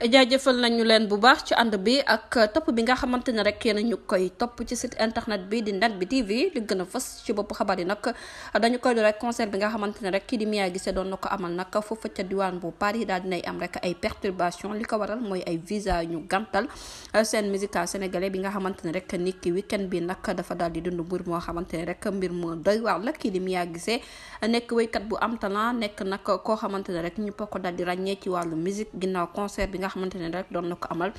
jaajëfal nañu leen bu baax ci ànd bi ak topp bi nga xamante ne rek yéen ñu koy topp ci site internet bi di Net Bi TV li gën a fës ci bopp xabar yi nag dañu koy rek concert bi nga xamante ne rek kii di doon na ko amal nag foofa ca diwaan bu Paris daal dinay am rek ay perturbation li ko waral mooy ay visa ñu gàntal seen musical sénégalais bi nga xamante ne rek nit ki weekend bi nag dafa daal di dund mbir moo xamante ne rek mbir moo doy waar la kii di Mia Guissé nekk wéykat bu am talent nekk nag koo xamante ne rek ñu ko daal di ràññee ci wàllu musique ginnaaw concert bi nga xamante ne rek doon na ko amal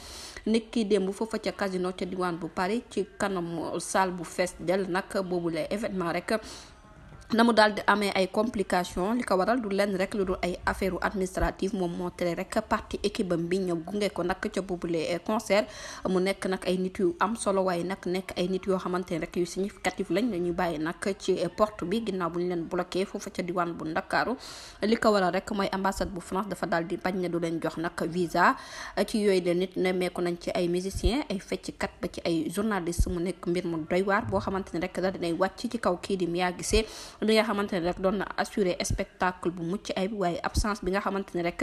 nit ki démb foofa ca casino ca diwaan bu Paris ci kanam salle bu fees dell nag boobu lay événement rek na mu daal di amee ay complication li ko waral du lenn rek lu dul ay affaire administrative moom moo tere rek parti équipe am bi ñëw gunge ko nag ca boobule eh, concert mu nekk nag ay nit yu am solo waaye nag nekk ay nit yoo xamante ne rek yu significatif lañ la ñuy bàyyi nag ci eh, bi ginnaaw bu ñu leen bloqué foofu ca diwaan bu Ndakaaru li ko waral rek mooy ambassade bu France dafa daal di bañ ne du leen jox nag visa ci yooyu de nit nemmeeku nañ ci ay musiciens ay fecckat ba ci ay journaliste mu nekk mbir mu doy waar boo xamante ne rek da dinay wàcc ci kaw kii di Mia yàggisee li nga xamante ne rek doon na assurer spectacle bu mucc ayib waaye absence bi nga xamante ne rek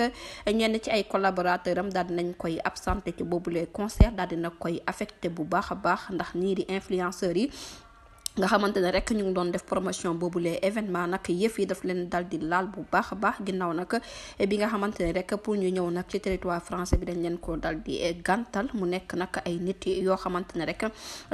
ñenn ci ay collaborateur am daal dinañ koy absenté ci boobu les concert daal dina koy affecté bu baax a baax ndax ñii di influenceurs yi nga xamante ne rek ñu ngi doon def promotion boobu les événement nag yëf yi daf leen dal di laal bu baax a baax ginnaaw nag bi nga xamante ne rek pour ñu ñëw nag ci territoire français bi dañ leen ko dal di gàntal mu nekk nag ay nit yoo xamante ne rek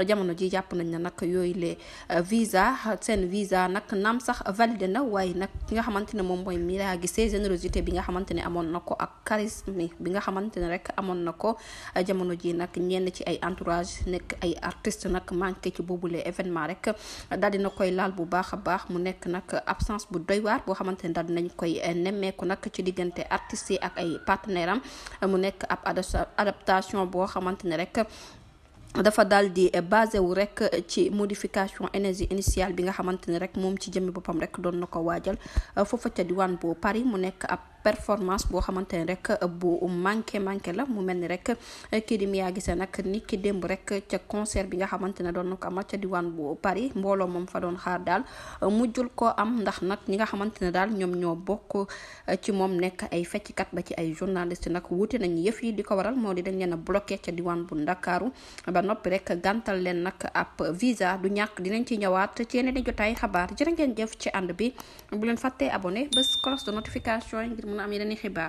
jamono ji jàpp nañ ne nag yooyu les euh, visa seen visa nag naam sax validé na waaye nag ki nga xamante ne moom mooy Mira Guissé générosité bi nga xamante ne amoon na ko ak charisme bi nga xamante ne rek amoon na ko euh, jamono ji nag ñenn ci ay entourage nekk ay artiste nag manqué ci boobu les événement rek rek daal dina koy laal bu baax a baax mu nekk nag absence bu doy waar boo xamante ne daal dinañ koy eh, nemmeeku nag ci diggante artistes yi ak ay partenaire am eh, mu nekk ab adaptation boo xamante ne rek dafa daal di eh, basé wu rek ci modification énergie initiale bi nga xamante ne rek moom ci jëmmi boppam rek doon na ko waajal foofa ca diwaan bu Paris mu nekk ab performance boo xamante ne rek euh, bu manqué manqué la mu mel ni rek euh, kii di Mia Guissé nag ni ki démb rek ca concert bi nga xamante ne doon na ko amal ca diwaan bu Paris mbooloo moom fa doon xaar daal euh, mujjul ko am ndax nag ñi nga xamante ne daal ñoom ñoo bokk ci moom nekk ay fecckat ba ci ay journaliste nag wute nañ yëf yi di ko waral moo di dañ leen a bloqué ca diwaan bu Ndakaaru ba noppi rek gàntal leen nag ab visa du ñàkk dinañ ci ñëwaat ci yeneen i jotaay xabaar jërë ngeen jëf ci ànd bi bu leen fàttee mun a am yeneen i